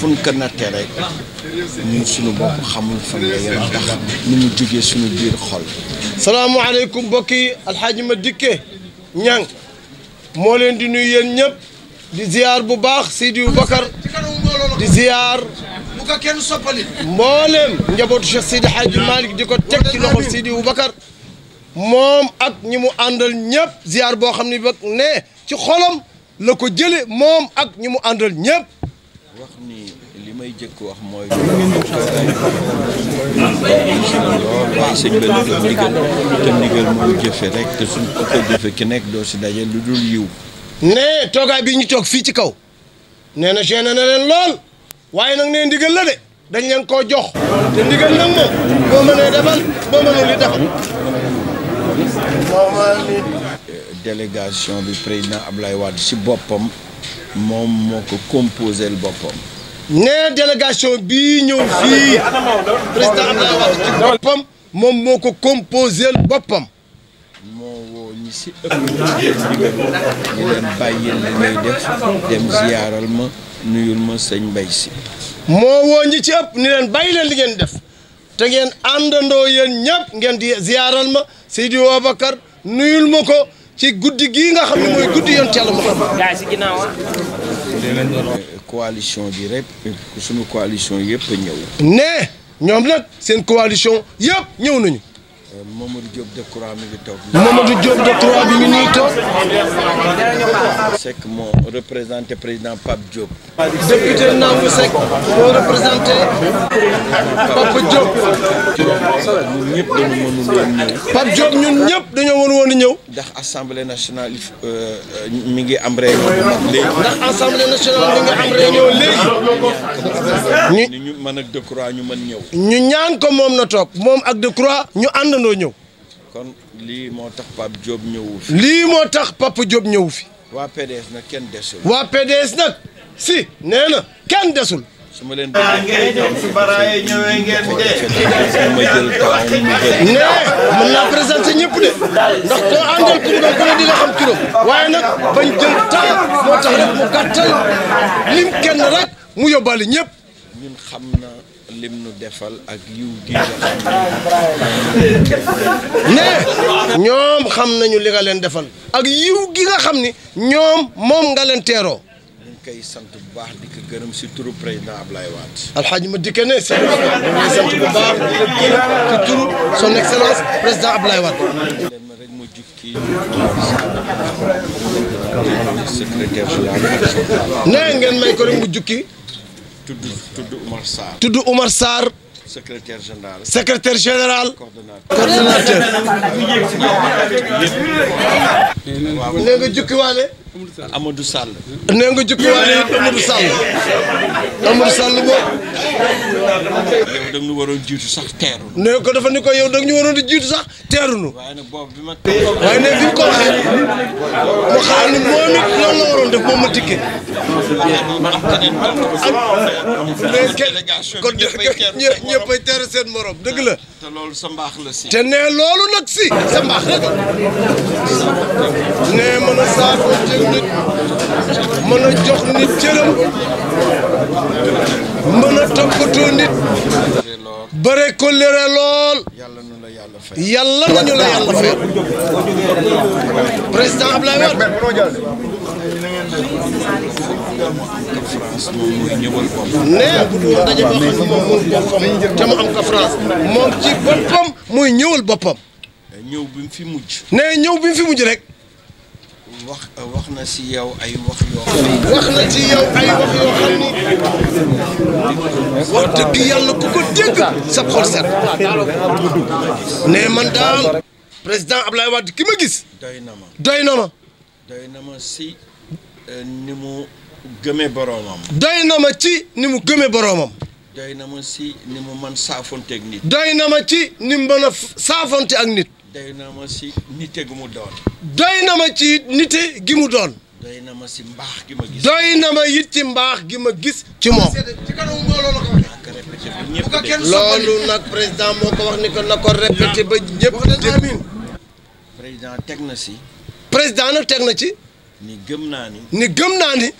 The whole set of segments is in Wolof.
fun kër nattee rek suñu bopp xamul fan la yéen tax ni mu jógee suñu biir xol salaamaaleykum mbokk yi alxaaji ma dikke ñang moo leen di nuyu yéen ñëpp di ziyaar bu baax Seydi Bakar di ziyaar kenn soppali mbooleem njabootu Cheikh Seydi Hadji Malick di ko teg ci loxol Seydi Bakar moom ak ñi mu àndal ñëpp ziyaar boo xam ne bag ne ci xolam la ko jële moom ak ñi mu àndal ñëpp wax nii li may jëkk wax mooy waaye sëñ bi la doon ndigal te ndigal mooy jëfe rek te suñ ko ko jëfe ki nekk doo si daje lu dul yiw ne toogaay bi ñu toog fii ci kaw nee na gêné na lool waaye nag ne ndigal la de dañ leen koo jox te ndigal nag moom boo mënee defal boo mënul li defal eh, bi président Ablaye Wade si boppam moom moo ko composé boppam. nee délégation bii ñëw fii président Abdoulaye ci boppam moom moo ko composé boppam. moo woo ñi leen bàyyi li ngay def dem ziyaaral ma ci ëpp ni leen bàyyi leen li ngeen def te ngeen àndandoo yéen ñëpp ngeen di ziyaaral ma Seydi Ababacar nuyul ma ko. ci guddi gii nga xam ne mooy guddi yoon Yàlla Muhammad gaa si ginnaaw ah. coalition bi rek suñu coalition yëpp ñëw. ne ñoom nag seen coalition yëpp ñëw nañu. Mamadou Diop Decroix mi ngi toog. Mamadou Diop Decroix bi mi ngi toog. Seck moo représenté président Pape Diop. ñëpp dañoo mënul woon ñëw. ndax assemblée nationale euh, mi ngi am réunion léegi. ndax assemblée nationale mi ngi am mën ñëw. moom na toog moom ñu ànd. àndandoo ñëw. lii moo tax Pape Diop ñëwu fi. moo tax Pape Diop ñëwu fi. waa PDS nag kenn waa PDS nag nee na kenn desul. su ma leen mën naa présenter ñëpp de ndax koo àndal ku ne ku ne xam turam waaye nag bañ jël taal moo tax rek mu gàttal lim kenn rek mu yóbbaale ñëpp. ñun xam na lim nu defal ak yiw gi ñoom xam nañu li nga leen defal ak yiw gi nga xam ni ñoom moom nga leen teeroo ñu sant bu baax di ko gërëm président Ablaye Wade alxaaji ma dikke ne si turu son excellence président Ablaye Wade rek mu jukki ngeen may ko rek mu jukki tudd tudd Umar Sarr. tudd général. secrétaire nee nga jukkiwaale. Amadou nee nga jukkiwaale it Amadou Sall. Amadou Sall boobu. yow da nga ñu waroon jiitu sax teeru. nee ko dafa ni ko yow da nga ñu waroon di waaye nag boobu ko waxee mu xam ne moom it loolu waroon def moom ma tikkee. kon ñëppay teeru seen morom dëgg te loolu sa mbaax la si. te nee loolu mën a saako jël bare ko lere lool. yàlla nañu la yàlla fay. yàlla nañu la yàlla fay. président France moom mooy nee mooy ñëwal boppam. ñëw bi mu fi mujj. nee ñëw bi fi mujj rek. wax na si yow ay ci yow ay wax yoo xam ni wax dëgg yàlla ku ko dégg sa xol set. nee man daal président Ablaye Wade ki ma gis. doy na ma doy na ma. ni mu gëmee boroomam. doy na ma ci ni mu gëmee boroomam. doy na ma si ni mu mën saafonte ak doy na ma ci ni mu mën a saafonte ak nit. doy na ma si nite gi mu na ma ci nite gi mu doon. doy na ma si mbaax gi ma na ma it ci mbaax gi ma gis ci moom. loolu nag président moo ko wax ni ko na ko répété ba ñëpp. teg na si. président nag teg na ci. ni gëm naa ni. ni gëm naa ni.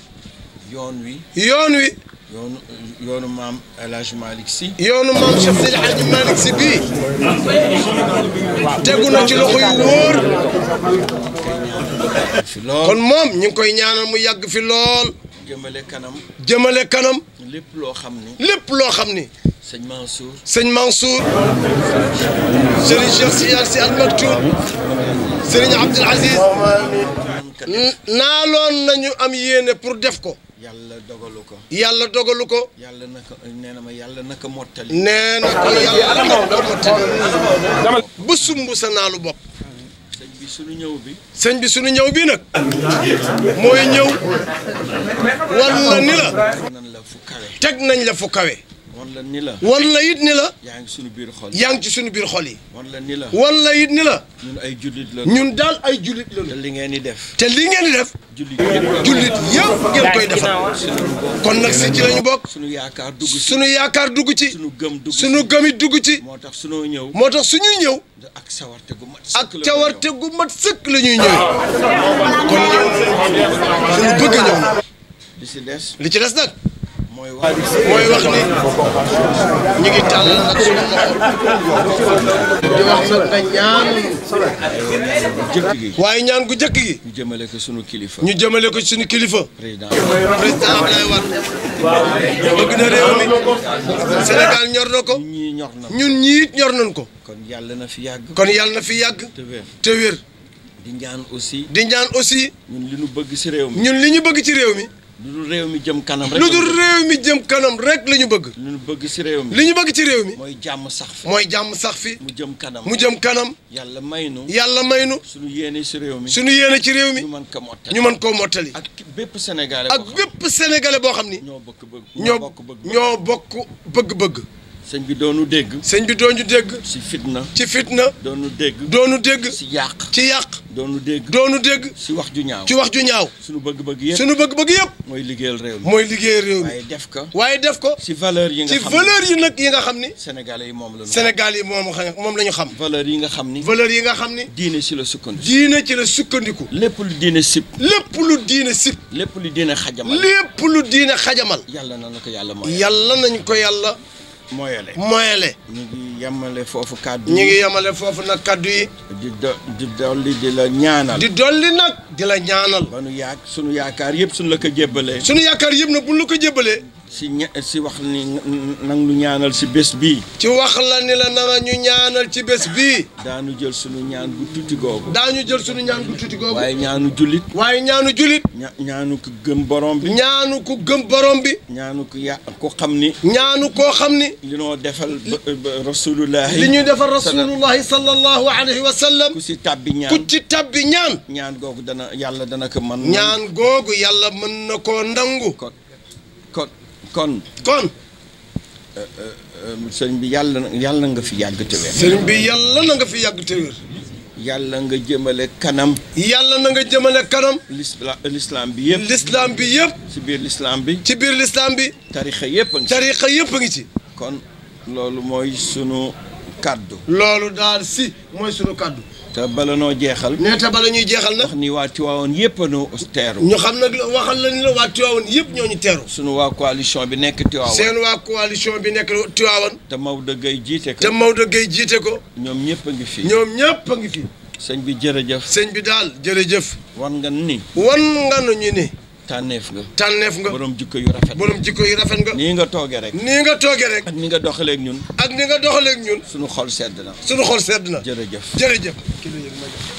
yoon wi. yoon wi. yoonu yoonu maam El Hadj Malick si. yoonu maam Cheikh El Hadj Malick si bii. tegu na ci loxo yu wóor. kon moom ñu ngi koy ñaanal mu yàgg fi lool. jëmale kanam. jëmale kanam. lépp loo xam ni. lépp loo xam ni. sëñ Mansour. sëñ Mansour. sëriñ Cheikh Siyaar Si Al Maktoum. sëriñ Abdoul Aziz. naaloon nañu am yéene pour def ko. yàlla dogalu ko. yàlla dogalu ko. yàlla naka nee na ma yàlla naka mottali. nee na ko yàlla naka mottali. ba naalu bopp. sëñ bi sunu ñëw bi. sëñ sunu ñëw bi nag. mooy ñëw. wan la ni teg nañ la fukawe wan la ni la wan la it ni la. yaa ngi suñu biir xol yaa ngi ci suñu biir xol yi. wan la ni wan la it ni la. ñun ay jullit la ñun daal ay jullit la. te li ngeen di def. te li ngeen di def. jullit yëpp ngeen koy defal ah. kon nag si ci lañu bokk. suñu yaakaar dugg ci suñu yaakaar dugg ci. suñu gëm dugg ci ci. moo tax suñoo ñëw moo tax suñuy ñëw. ak cawarte gu mat sëkk ak gu mat sëkk la ñuy ñëw kon ñëw suñu bëgg ñëw na. des li ci des nag. mooy wax ni ñu ngi nag suñu loxo wax nag waaye ñaan gu jëkk gi ñu jëmale ko suñu kilifa ñu jëmale ko suñu kilifa président Abdoulaye Wade bëgg na réew mi Sénégal ñor ko ñun ñii it ñor nañ ko kon yàlla na fi yàgg kon yàlla na fi yàgg te wér di ñaan aussi di ñaan aussi bëgg ci réew mi ñun li ñu bëgg ci réew mi lu dul réew mi jëm kanam rek lu dul réew mi jëm kanam rek la ñu bëgg. li ñu bëgg ci réew mi li ñu bëgg ci réew mi. mooy jàmm sax fi mooy jàmm sax fi. mu jëm kanam mu jëm kanam. yàlla may nu yàlla may nu. suñu yéene si réew mi suñu yéene ci réew mi. ñu mën ko mottali ñu mën koo mottali. ak bépp sénégalais ak bépp sénégalais boo xam ni. ñoo bokk bëgg ñoo bokk bëgg. sëñ bi doonu dégg. sëñ bi doonu dégg. ci fitna. ci fitna. doonu dégg. doonu dégg. ci yàq. ci yàq. doonu dégg. doonu dégg. ci wax ju ñaaw. ci wax ju ñaaw. suñu bëgg-bëgg yëpp. suñu bëgg-bëgg yëpp. mooy liggéeyal réew mooy liggéeyal réew mi waaye def ko. waaye def ko. ci valeur yi nga xam ci valeur yi nag yi xam ni. Sénégal yi moom la ñu. yi moom xam moom la ñu xam. valeur yi nga xam ni. valeur yi nga xam ni. diine ci la sukkandiku. diine ci la sukkandiku. lépp lu diine sib. lépp lu diine sib. lépp lu diine xajamal. lépp lu diine xajamal. yàlla nañu ko yàlla mooyale mooyale. ñu ngi yemale foofu kaddu yi ñu ngi foofu nag kaddu yi. di do di dolli di la ñaanal. di dolli nag di la ñaanal. ba nu yaak sunu yaakaar yëpp sunu la ko jébbalee. sunu yaakaar yëpp nag bu la ko jébbalee. si ña si wax ni nang ñu ñaanal si bés bi ci wax la ni la nanga ñu ñaanal ci bés bi daanu jël sunu ñaan gu tuuti googu. daañu jël sunu ñaan gu tuuti googu. waaye ñaanu julit waaye ñaanu julit ña ñaanu ku gëm borom bi. ñaanu ku gëm borom bi. ñaanu ku ko xam ni. ñaanu koo xam ni. li noo defal rasulullahi. li ñuy defal rasulullahi sallallahu ku si tàbbi ñaan ñaan. ñaan googu dana yàlla dana ko mën. ñaan googu yàlla mën na koo nangu. kon kon. Euh, euh, euh, sëriñ bi yàlla na yàlla nga fi yàgg te wér. sëriñ bi yàlla na nga fi yàgg te yàlla nga jëmale kanam. yàlla na nga jëmale kanam. lisla lislaam bi yëpp. lislaam bi yëpp. ci biir lislaam bi. ci biir lislaam bi. tarixa yëpp a ngi ci. yëpp a ngi ci. kon loolu mooy sunu kàddu. loolu daal si mooy sunu kàddu. te bala noo jeexal. nee te bala ñuy jeexal na wax ni waa Tiwaawoon yëpp a teeru. ñu xam nag waxal nañ la waa Tiwaawoon yëpp ñoo ñu teeru. sunu waa coalition bi nekk Tiwaawoon. seen waa coalition bi nekk Tiwaawoon. te Maodo Gueye jiite ko. te Maodo Gueye jiite ko. ñoom ñëpp a ngi fi. ñoom ñëpp a ngi fi. sëñ bi jërëjëf. sëñ bi daal jërëjëf. wan nga ni. wan nga nu ñu ni. tànneef nga tànneef nga borom jikko yu rafet borom jikko yu rafet nga nii nga toogee rek nii nga toogee rek ak ni nga doxaleek ñun ak ni nga doxaleeg ñun suñu xol sedd na suñu xol sedd na jërëjëf jërëjëf